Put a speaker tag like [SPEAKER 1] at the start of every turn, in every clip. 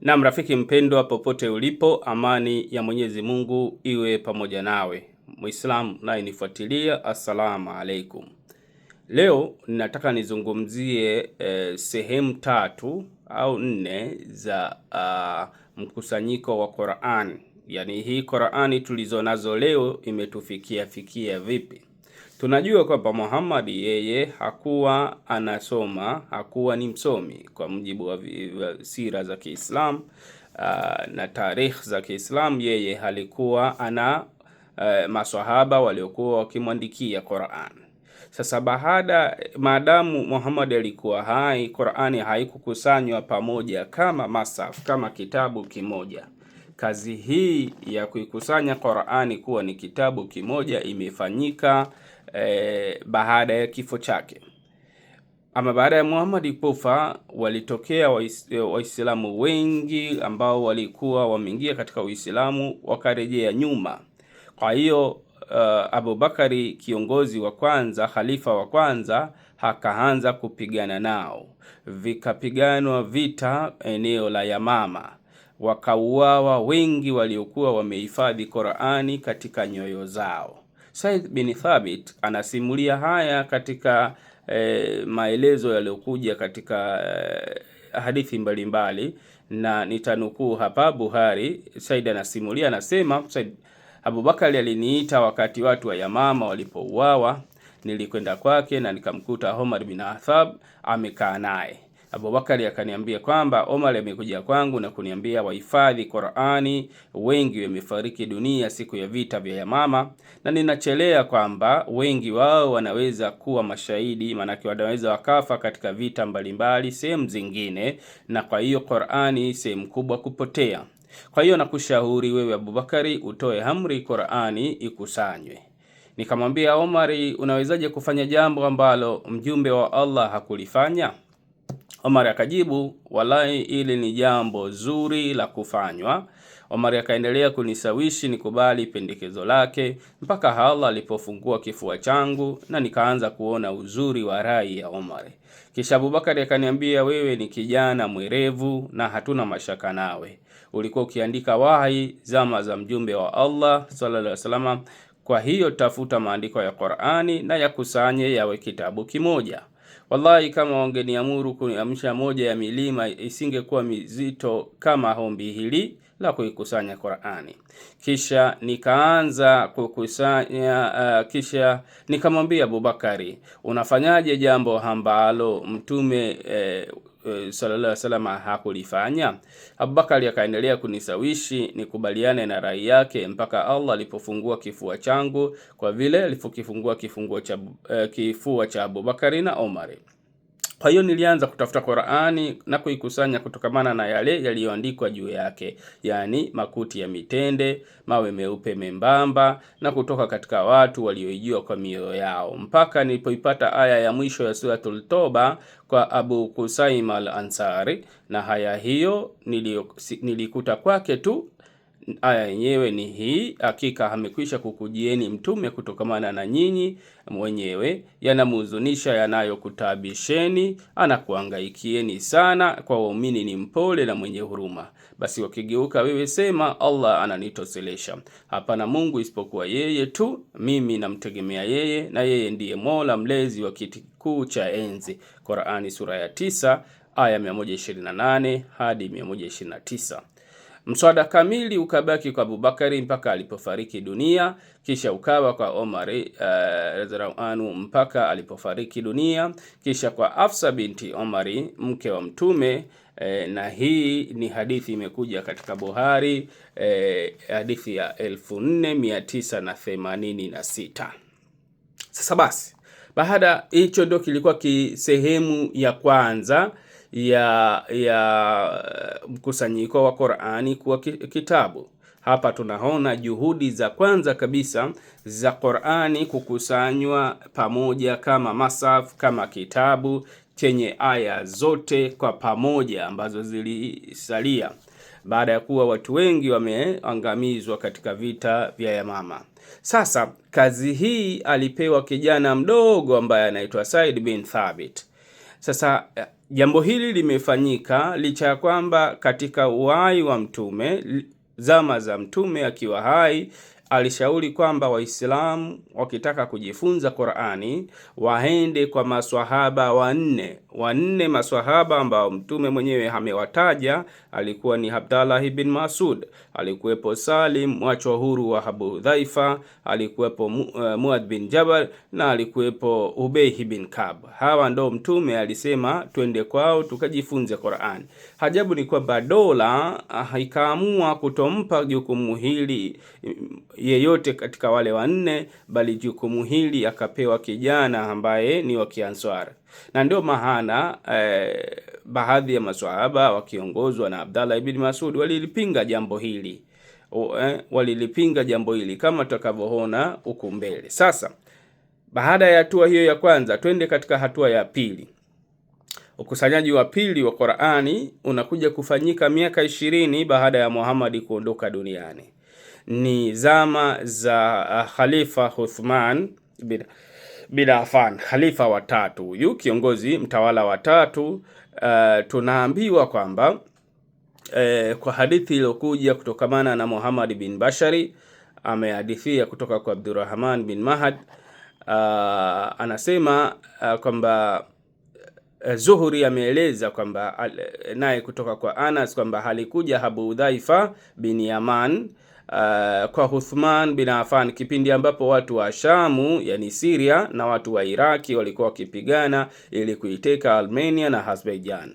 [SPEAKER 1] Na mrafiki mpendwa, popote ulipo, amani ya Mwenyezi Mungu iwe pamoja nawe. Muislamu naye nifuatilia, assalamu alaikum. Leo nataka nizungumzie eh, sehemu tatu au nne za uh, mkusanyiko wa Qur'an, yaani hii Qur'ani tulizo nazo leo imetufikia fikia vipi? Tunajua kwamba Muhammad yeye hakuwa anasoma, hakuwa ni msomi kwa mujibu wa sira za kiislam ah, na tarikh za kiislam Yeye halikuwa ana uh, maswahaba waliokuwa wakimwandikia Qur'an. Sasa baada maadamu Muhammad alikuwa hai, Qur'ani haikukusanywa pamoja kama masaf, kama kitabu kimoja kazi hii ya kuikusanya Qur'ani kuwa ni kitabu kimoja imefanyika eh, baada ya kifo chake. Ama baada ya Muhammad kufa, walitokea Waislamu wengi ambao walikuwa wameingia katika Uislamu wakarejea nyuma. Kwa hiyo uh, eh, Abubakari kiongozi wa kwanza, khalifa wa kwanza hakaanza kupigana nao, vikapiganwa vita eneo la Yamama, wakauawa wengi waliokuwa wamehifadhi Qur'ani katika nyoyo zao. Said bin Thabit anasimulia haya katika e, maelezo yaliyokuja katika e, hadithi mbalimbali mbali, na nitanukuu hapa. Buhari, Said anasimulia anasema, Said Abubakari aliniita wakati watu wa Yamama walipouawa. Nilikwenda kwake na nikamkuta Omar bin athab amekaa naye Abubakari akaniambia kwamba Omar amekuja kwangu na kuniambia wahifadhi Qur'ani wengi wamefariki dunia siku ya vita vya Yamama, na ninachelea kwamba wengi wao wanaweza kuwa mashahidi, maanake wanaweza wakafa katika vita mbalimbali sehemu zingine, na kwa hiyo Qur'ani sehemu kubwa kupotea. Kwa hiyo nakushauri wewe Abubakari utoe amri Qur'ani ikusanywe. Nikamwambia Omari, unawezaje kufanya jambo ambalo mjumbe wa Allah hakulifanya? Omar akajibu, walai ili ni jambo zuri la kufanywa. Omar akaendelea kunisawishi nikubali pendekezo lake mpaka Allah alipofungua kifua changu na nikaanza kuona uzuri wa rai ya Omar. Kisha Abubakari akaniambia, wewe ni kijana mwerevu na hatuna mashaka nawe, ulikuwa ukiandika wahi zama za mjumbe wa Allah sallallahu alaihi wasallam. Kwa hiyo tafuta maandiko ya Qur'ani na yakusanye yawe kitabu kimoja. Wallahi, kama wangeniamuru kuniamsha moja ya milima isingekuwa mizito kama ombi hili la kuikusanya Qur'ani. Kisha nikaanza kukusanya uh, kisha nikamwambia Abubakari, unafanyaje jambo ambalo mtume eh, sallallahu alaihi wasallam hakulifanya. Abubakari akaendelea kunisawishi nikubaliane na rai yake mpaka Allah alipofungua kifua changu, kwa vile alipokifungua kifunguo cha eh, kifua cha Abubakari na Omari. Kwa hiyo nilianza kutafuta Qur'ani na kuikusanya kutokamana na yale yaliyoandikwa juu yake, yaani makuti ya mitende, mawe meupe membamba, na kutoka katika watu walioijua kwa mioyo yao, mpaka nilipoipata aya ya mwisho ya Suratul Toba kwa Abu Kusaim al-Ansari, na haya hiyo nilikuta kwake tu Aya yenyewe ni hii: hakika amekwisha kukujieni mtume kutokamana na nyinyi mwenyewe, yanamhuzunisha yanayokutabisheni, anakuangaikieni sana. Kwa waumini ni mpole na mwenye huruma. Basi wakigeuka wewe, sema Allah ananitoselesha hapana Mungu isipokuwa yeye tu. Mimi namtegemea yeye, na yeye ndiye Mola mlezi wa kiti kuu cha enzi. Qur'ani sura ya 9 aya 128 hadi 129. Mswada kamili ukabaki kwa Abubakari mpaka alipofariki dunia, kisha ukawa kwa Omar eh, radhiallahu anhu mpaka alipofariki dunia, kisha kwa Afsa binti Omari mke wa Mtume. E, na hii ni hadithi imekuja katika Buhari e, hadithi ya 4986. Sasa basi, baada hicho ndio kilikuwa kisehemu ya kwanza ya ya eh, mkusanyiko wa Qur'ani kuwa kitabu. Hapa tunaona juhudi za kwanza kabisa za Qur'ani kukusanywa pamoja kama masaf, kama kitabu chenye aya zote kwa pamoja ambazo zilisalia baada ya kuwa watu wengi wameangamizwa katika vita vya Yamama. Sasa kazi hii alipewa kijana mdogo ambaye anaitwa Said bin Thabit. Sasa eh, Jambo hili limefanyika licha ya kwamba katika uhai wa mtume, zama za mtume akiwa hai, alishauri kwamba Waislamu wakitaka kujifunza Qur'ani waende kwa maswahaba wanne wanne maswahaba ambao mtume mwenyewe amewataja alikuwa ni Abdallah ibn Masud, alikuwepo Salim mwachwa huru wa Abu Dhaifa, alikuwepo eh, Muad bin Jabal na alikuwepo Ubay bin Kab. Hawa ndo mtume alisema twende kwao tukajifunze Qur'an. Hajabu ni kwamba dola ah, ikaamua kutompa jukumu hili mm, yeyote katika wale wanne, bali jukumu hili akapewa kijana ambaye ni wa Kianswara na ndio maana eh, baadhi ya maswahaba wakiongozwa na Abdallah ibn Masud walilipinga jambo hili o, eh, walilipinga jambo hili kama tutakavyoona huku mbele. Sasa baada ya hatua hiyo ya kwanza, twende katika hatua ya pili. Ukusanyaji wa pili wa Qur'ani unakuja kufanyika miaka ishirini baada ya Muhammad kuondoka duniani. Ni zama za ah, Khalifa Uthman bin bila afan, khalifa watatu yu kiongozi mtawala tatu. Uh, tunaambiwa kwamba eh, kwa hadithi iliyokuja kutokamana na Muhammad bin Bashari amehadithia kutoka kwa Abdurrahman bin Mahad uh, anasema uh, kwamba Eh, Zuhuri ameeleza kwamba naye kutoka kwa Anas kwamba halikuja Abu Dhaifa bin Yaman Uh, kwa huthman bin Affan kipindi ambapo watu wa Shamu yani Syria na watu wa Iraki walikuwa wakipigana ili kuiteka Armenia na Azerbaijan.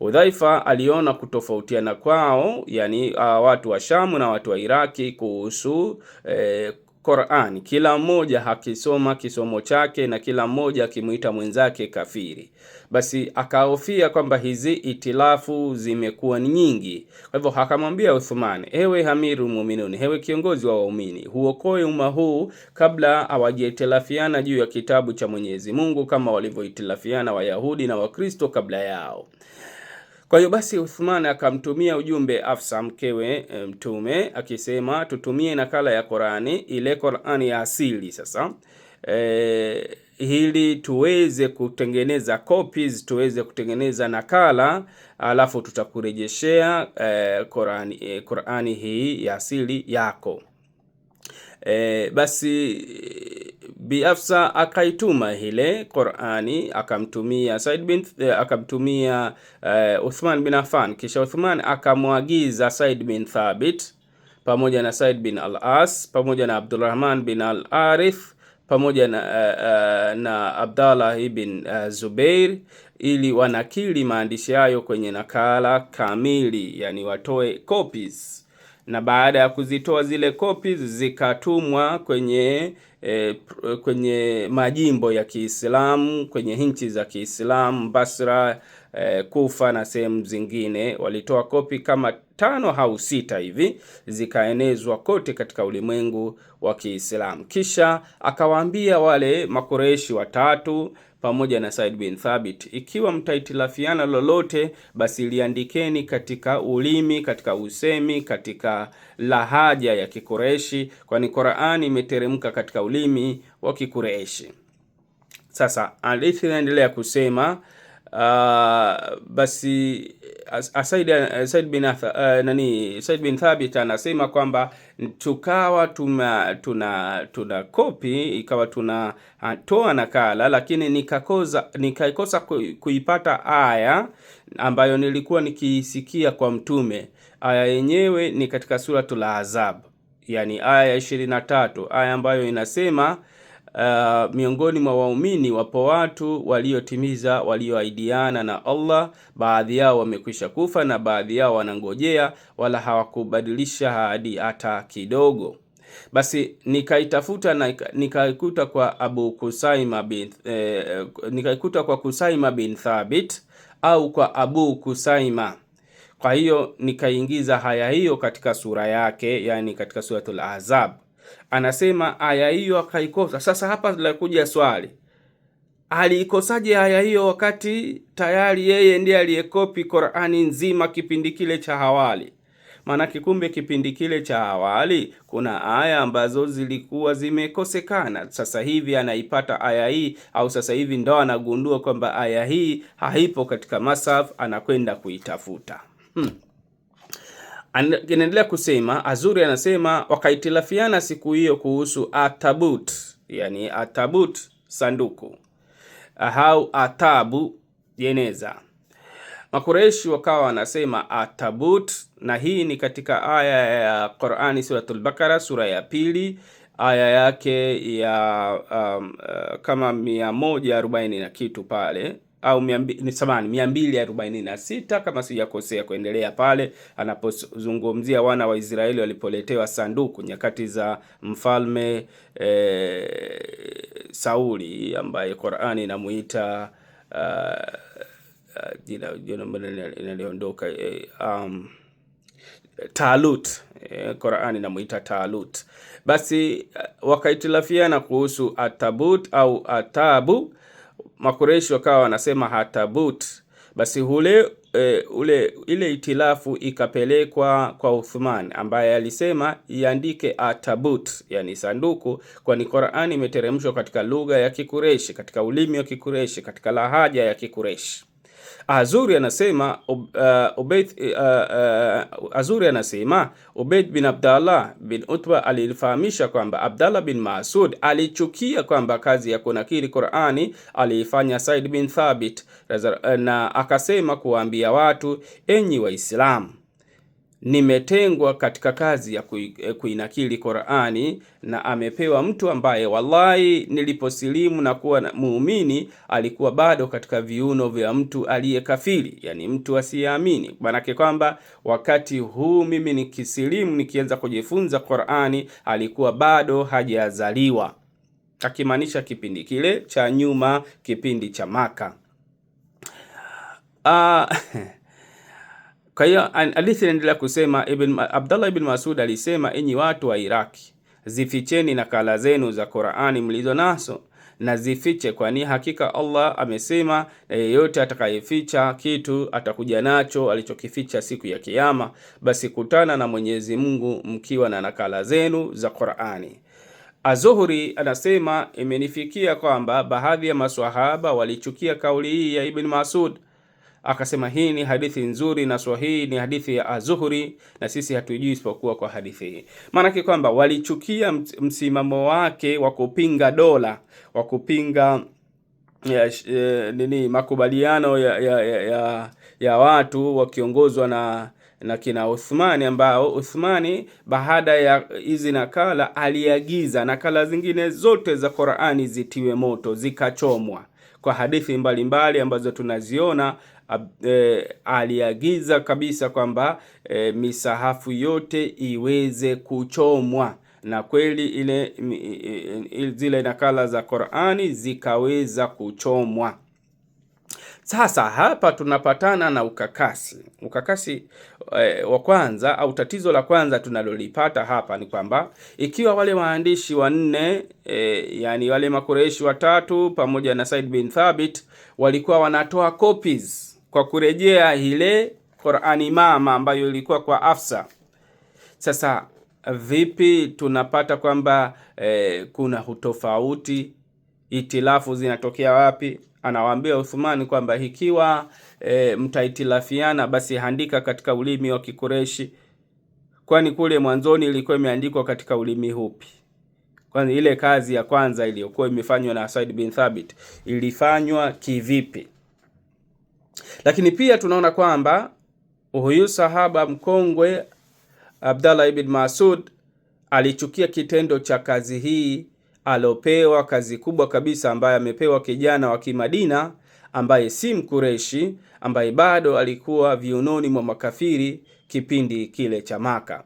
[SPEAKER 1] Udhaifa aliona kutofautiana kwao yani, uh, watu wa Shamu na watu wa Iraki kuhusu eh, Qur'an, kila mmoja hakisoma kisomo chake na kila mmoja akimwita mwenzake kafiri. Basi akahofia kwamba hizi itilafu zimekuwa ni nyingi, kwa hivyo akamwambia uthmani ewe hamiru muminuni, ewe kiongozi wa waumini, huokoe umma huu kabla hawajaitilafiana juu ya kitabu cha Mwenyezi Mungu kama walivyoitilafiana Wayahudi na Wakristo kabla yao. Kwa hiyo basi Uthman akamtumia ujumbe Afsa mkewe e, Mtume akisema tutumie nakala ya Qurani, ile Qurani ya asili sasa e, ili tuweze kutengeneza copies, tuweze kutengeneza nakala alafu tutakurejeshea e, Qurani, e, Qurani hii ya asili yako e, basi Biafsa akaituma ile Qur'ani akamtumia Said bin eh, akamtumia uh, Uthman bin Affan, kisha Uthman akamwagiza Said bin Thabit pamoja na Said bin al-As pamoja na Abdurrahman bin al-Arith pamoja na, uh, na Abdallah ibn uh, Zubair ili wanakili maandishi hayo kwenye nakala kamili, yani watoe copies na baada ya kuzitoa zile kopi zikatumwa kwenye e, kwenye majimbo ya Kiislamu kwenye nchi za Kiislamu Basra, e, Kufa na sehemu zingine. Walitoa kopi kama tano au sita hivi, zikaenezwa kote katika ulimwengu wa Kiislamu. Kisha akawaambia wale makoreshi watatu pamoja na Said bin thabit. Ikiwa mtaitilafiana lolote, basi liandikeni katika ulimi, katika usemi, katika lahaja ya Kikureshi, kwani Qur'ani imeteremka katika ulimi wa Kikureshi. Sasa hadithi inaendelea kusema Ah, basi eh, Said bin uh, nani Said bin Thabit anasema kwamba tukawa tuna tuna, tuna kopi ikawa tuna uh, toa nakala, lakini nikakosa nikaikosa kuipata aya ambayo nilikuwa nikiisikia kwa Mtume. Aya yenyewe ni katika Suratul Azab, yani aya ya 23 aya ambayo inasema Uh, miongoni mwa waumini wapo watu waliotimiza walioaidiana na Allah. Baadhi yao wamekwisha kufa na baadhi yao wanangojea, wala hawakubadilisha ahadi hata kidogo. Basi nikaitafuta na nikaikuta kwa Abu Kusaima bin eh, nikaikuta kwa Kusaima bin Thabit au kwa Abu Kusaima. Kwa hiyo nikaingiza haya hiyo katika sura yake, yani katika Suratul Ahzab anasema aya hiyo akaikosa. Sasa hapa linakuja swali, aliikosaje aya hiyo wakati tayari yeye ndiye aliyekopi Qur'ani nzima kipindi kile cha hawali? Maanake kumbe kipindi kile cha awali kuna aya ambazo zilikuwa zimekosekana. Sasa hivi anaipata aya hii, au sasa hivi ndo anagundua kwamba aya hii haipo katika masaf, anakwenda kuitafuta hmm. Inaendelea kusema Azuri anasema wakaitilafiana siku hiyo kuhusu atabut, yani atabut sanduku au atabu jeneza. Makureishi wakawa wanasema atabut, na hii ni katika aya ya Qur'ani suratul sura ya pili aya yake ya um, uh, kama 14 na kitu pale au samani mia mbili arobaini na sita kama sijakosea, kuendelea pale anapozungumzia wana wa Israeli walipoletewa sanduku nyakati za mfalme e, Sauli ambaye Qur'ani inamuita ah, ah, jina inaliondoka eh, um, Talut, eh, Qur'ani inamuita Talut. Basi wakaitilafiana kuhusu atabut au atabu makureshi wakawa wanasema hatabut. Basi hule e, ule ile itilafu ikapelekwa kwa Uthman ambaye alisema iandike atabut, yani sanduku, kwani Qur'ani imeteremshwa katika lugha ya Kikureshi, katika ulimi wa Kikureshi, katika lahaja ya Kikureshi. Ah, Azuri anasema Ubayd uh, uh, uh, Azuri anasema Ubayd bin Abdallah bin Utba alifahamisha kwamba Abdallah bin Masud alichukia kwamba kazi ya kunakili Qur'ani aliifanya Said bin Thabit na akasema kuwaambia watu, enyi Waislamu nimetengwa katika kazi ya eh, kuinakili Qur'ani na amepewa mtu ambaye wallahi, niliposilimu na kuwa muumini alikuwa bado katika viuno vya mtu aliyekafiri, yani mtu asiyeamini. Maanake kwamba wakati huu mimi nikisilimu nikianza kujifunza Qur'ani alikuwa bado hajazaliwa, akimaanisha kipindi kile cha nyuma, kipindi cha Maka. Ah, Kwa hiyo hadithi inaendelea kusema Ibn, Abdullah ibn Masud alisema, enyi watu wa Iraki, zificheni nakala zenu za Qur'ani mlizo nazo na zifiche, kwani hakika Allah amesema, na yeyote atakayeficha kitu atakuja nacho alichokificha siku ya Kiyama. Basi kutana na Mwenyezi Mungu mkiwa na nakala zenu za Qur'ani. Azuhuri anasema, imenifikia kwamba baadhi ya maswahaba walichukia kauli hii ya Ibn Masud akasema hii ni hadithi nzuri na sahihi, ni hadithi ya Azuhuri na sisi hatujui isipokuwa kwa hadithi hii. Maanake kwamba walichukia msimamo wake wa kupinga dola, wa kupinga ya, eh, eh, nini makubaliano ya, ya, ya, ya, ya watu wakiongozwa na na kina Uthmani ambao Uthmani baada ya hizi nakala aliagiza nakala zingine zote za Qur'ani zitiwe moto zikachomwa, kwa hadithi mbalimbali mbali ambazo tunaziona e, aliagiza kabisa kwamba e, misahafu yote iweze kuchomwa na kweli ile, zile nakala za Qur'ani zikaweza kuchomwa. Sasa hapa tunapatana na ukakasi. Ukakasi e, wa kwanza au tatizo la kwanza tunalolipata hapa ni kwamba ikiwa wale waandishi wanne e, yani wale makureishi watatu pamoja na Said bin Thabit walikuwa wanatoa copies kwa kurejea ile Qur'ani mama ambayo ilikuwa kwa afsa Sasa vipi tunapata kwamba eh, kuna utofauti, itilafu zinatokea wapi? Anawaambia Uthmani kwamba ikiwa e, mtaitilafiana basi handika katika ulimi wa Kikureshi, kwani kule mwanzoni ilikuwa imeandikwa katika ulimi hupi? Kwani ile kazi ya kwanza iliyokuwa imefanywa na Said bin Thabit ilifanywa kivipi? Lakini pia tunaona kwamba huyu sahaba mkongwe Abdallah ibn Masud alichukia kitendo cha kazi hii alopewa, kazi kubwa kabisa ambaye amepewa kijana wa Kimadina ambaye si Mkureshi, ambaye bado alikuwa viunoni mwa makafiri kipindi kile cha Maka.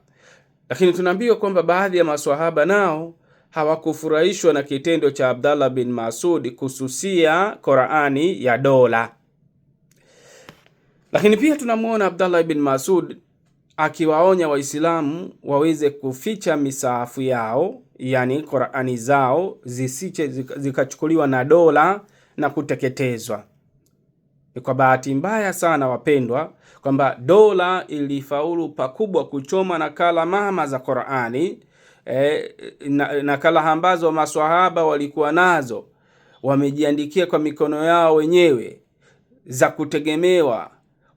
[SPEAKER 1] Lakini tunaambiwa kwamba baadhi ya maswahaba nao hawakufurahishwa na kitendo cha Abdallah bin Masud kususia Qurani ya dola. Lakini pia tunamwona Abdallah ibn Masud akiwaonya Waislamu waweze kuficha misaafu yao, yani Qurani zao zisiche zikachukuliwa na dola na kuteketezwa. kwa bahati mbaya sana wapendwa, kwamba dola ilifaulu pakubwa kuchoma nakala mama za Qurani e, nakala na ambazo maswahaba walikuwa nazo wamejiandikia kwa mikono yao wenyewe za kutegemewa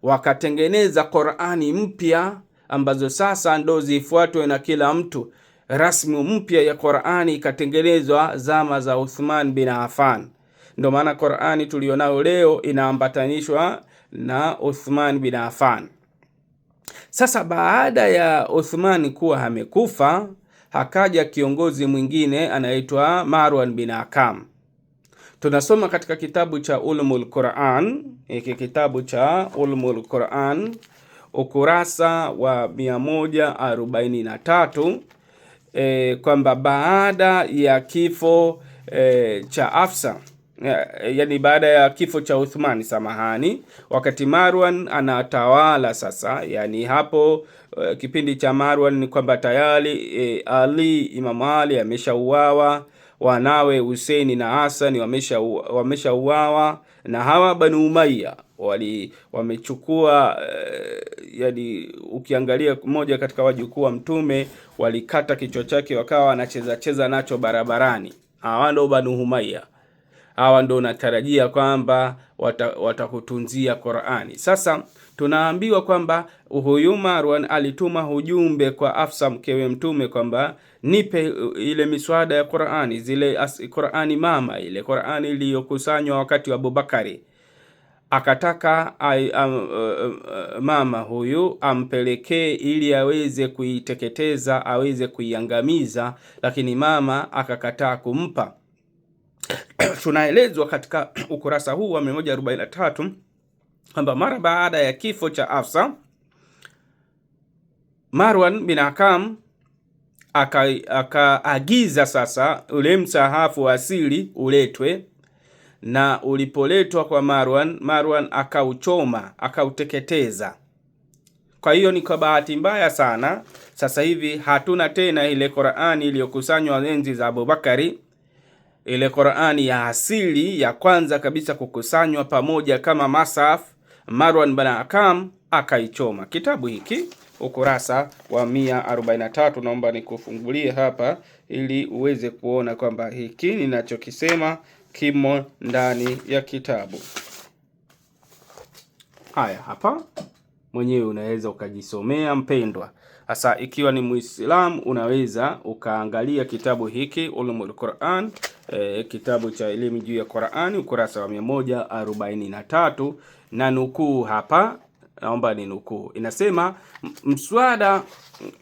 [SPEAKER 1] wakatengeneza Qurani mpya ambazo sasa ndo zifuatwe na kila mtu. Rasmu mpya ya Qurani ikatengenezwa zama za Uthman bin Affan. Ndo maana Qurani tulionayo leo inaambatanishwa na Uthman bin Affan. Sasa baada ya Uthman kuwa amekufa, hakaja kiongozi mwingine anaitwa Marwan bin Hakam. Tunasoma katika kitabu cha Ulumul Quran, hiki kitabu cha Ulumul Quran ukurasa wa 143 e, kwamba baada ya kifo e, cha Afsa e, yaani baada ya kifo cha Uthmani, samahani, wakati Marwan anatawala sasa, yani hapo e, kipindi cha Marwan ni kwamba tayari e, Ali, Imamu Ali ameshauawa wanawe Huseini na Hasani wameshauawa na hawa Banu Umayya wali wamechukua e, yani, ukiangalia moja katika wajukuu wa Mtume walikata kichwa chake wakawa wanacheza cheza nacho barabarani. Hawa ndo Banu Umayya, hawa ndo unatarajia kwamba watakutunzia wata Qur'ani sasa tunaambiwa kwamba huyu Marwan alituma ujumbe kwa Afsa mkewe mtume kwamba nipe uh, ile miswada ya Qur'ani, zile Qur'ani mama, ile Qur'ani iliyokusanywa wakati wa Abubakari. Akataka ay, am, uh, uh, mama huyu ampelekee ili aweze kuiteketeza, aweze kuiangamiza, lakini mama akakataa kumpa. Tunaelezwa katika ukurasa huu wa 143 kwamba mara baada ya kifo cha Afsa, Marwan bin akam akaagiza aka sasa ule msahafu wa asili uletwe, na ulipoletwa kwa Marwan, Marwan akauchoma akauteketeza. Kwa hiyo ni kwa bahati mbaya sana, sasa hivi hatuna tena ile Qur'ani iliyokusanywa enzi za Abubakari, ile Qur'ani ya asili ya kwanza kabisa kukusanywa pamoja kama masafu Marwan bin akaichoma. Kitabu hiki ukurasa wa 143 naomba nikufungulie hapa ili uweze kuona kwamba hiki ninachokisema kimo ndani ya kitabu. Haya hapa mwenyewe unaweza ukajisomea mpendwa. Sasa ikiwa ni Muislam unaweza ukaangalia kitabu hiki Ulumul Quran, e, kitabu cha elimu juu ya Qurani ukurasa wa 143 na nukuu hapa, naomba ni nukuu, inasema mswada,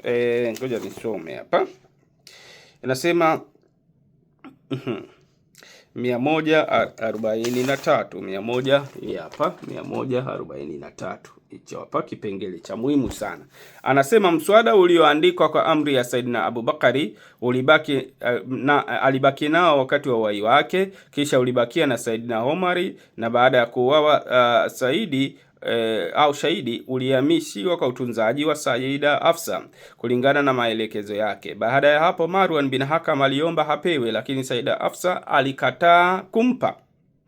[SPEAKER 1] eh, ngoja e, nisome hapa, inasema mhm. 143 100 hii hapa hicho hapa kipengele cha muhimu sana. Anasema mswada ulioandikwa kwa amri ya Saidina Abubakari ulibaki eh, na, alibaki nao wakati wa uwai wake, kisha ulibakia na Saidina Omari na baada ya kuuawa uh, Saidi eh, au shahidi ulihamishiwa kwa utunzaji wa Sayida Afsa kulingana na maelekezo yake. Baada ya hapo, Marwan bin Hakam aliomba hapewe, lakini Sayida Afsa alikataa kumpa.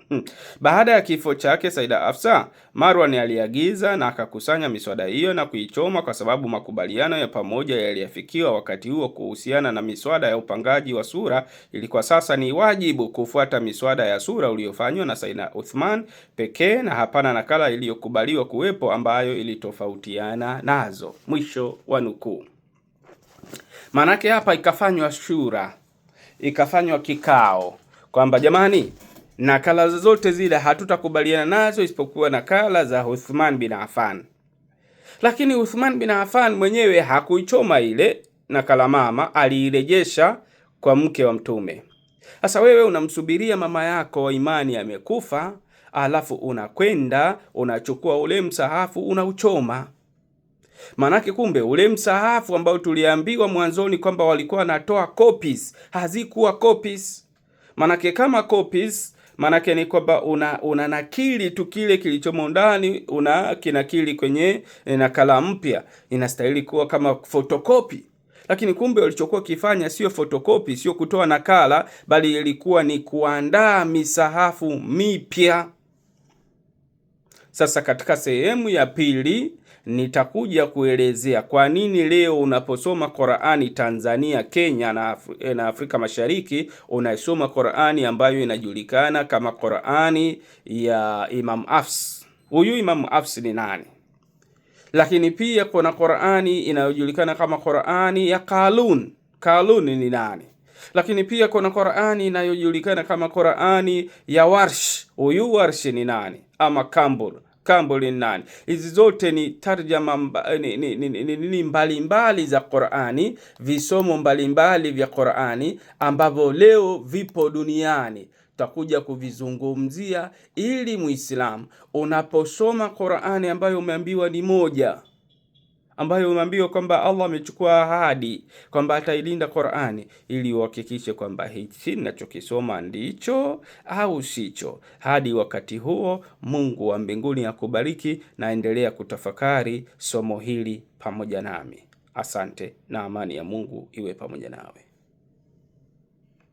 [SPEAKER 1] Hmm. Baada ya kifo chake Saida Afsa, Marwan aliagiza na akakusanya miswada hiyo na kuichoma, kwa sababu makubaliano ya pamoja yaliyafikiwa wakati huo kuhusiana na miswada ya upangaji wa sura ilikuwa sasa ni wajibu kufuata miswada ya sura uliofanywa na Saida Uthman pekee na hapana nakala iliyokubaliwa kuwepo ambayo ilitofautiana nazo. Mwisho wa nukuu. Maanake hapa ikafanywa shura, ikafanywa kikao kwamba jamani Nakala zozote zile hatutakubaliana nazo isipokuwa nakala za Uthman bin Affan. Lakini Uthman bin Affan mwenyewe hakuichoma ile nakala mama, aliirejesha kwa mke wa Mtume. Sasa wewe unamsubiria mama yako wa imani amekufa, alafu unakwenda unachukua ule msahafu unauchoma. Maanake kumbe ule msahafu ambao tuliambiwa mwanzoni kwamba walikuwa wanatoa copies, hazikuwa copies. Maanake kama copies maanake ni kwamba una, una nakili tu kile kilichomo ndani, una kinakili kwenye eh, nakala mpya, inastahili kuwa kama fotokopi lakini kumbe walichokuwa kifanya sio fotokopi, sio kutoa nakala, bali ilikuwa ni kuandaa misahafu mipya. Sasa katika sehemu ya pili nitakuja kuelezea kwa nini leo unaposoma Qur'ani Tanzania, Kenya na, Afri eh, na Afrika Mashariki unaisoma Qur'ani ambayo inajulikana kama Qur'ani ya Imam Afs. Huyu Imam afs ni nani? Lakini pia kuna Qur'ani inayojulikana kama Qur'ani ya Kalun. Kalun ni nani? Lakini pia kuna Qur'ani inayojulikana kama Qur'ani ya Warsh. Huyu Warsh ni nani? Ama Kambur kambo linani Hizi zote ni tarjama mbalimbali eh, ni, ni, ni, ni, mbali mbali za Qur'ani, visomo mbalimbali vya Qur'ani ambavyo leo vipo duniani takuja kuvizungumzia, ili Muislamu unaposoma Qur'ani ambayo umeambiwa ni moja ambayo unaambiwa kwamba Allah amechukua ahadi kwamba atailinda Qur'ani ili uhakikishe kwamba hichi ninachokisoma ndicho au sicho. Hadi wakati huo, Mungu wa mbinguni akubariki, naendelea kutafakari somo hili pamoja nami. Asante na amani ya Mungu iwe pamoja nawe.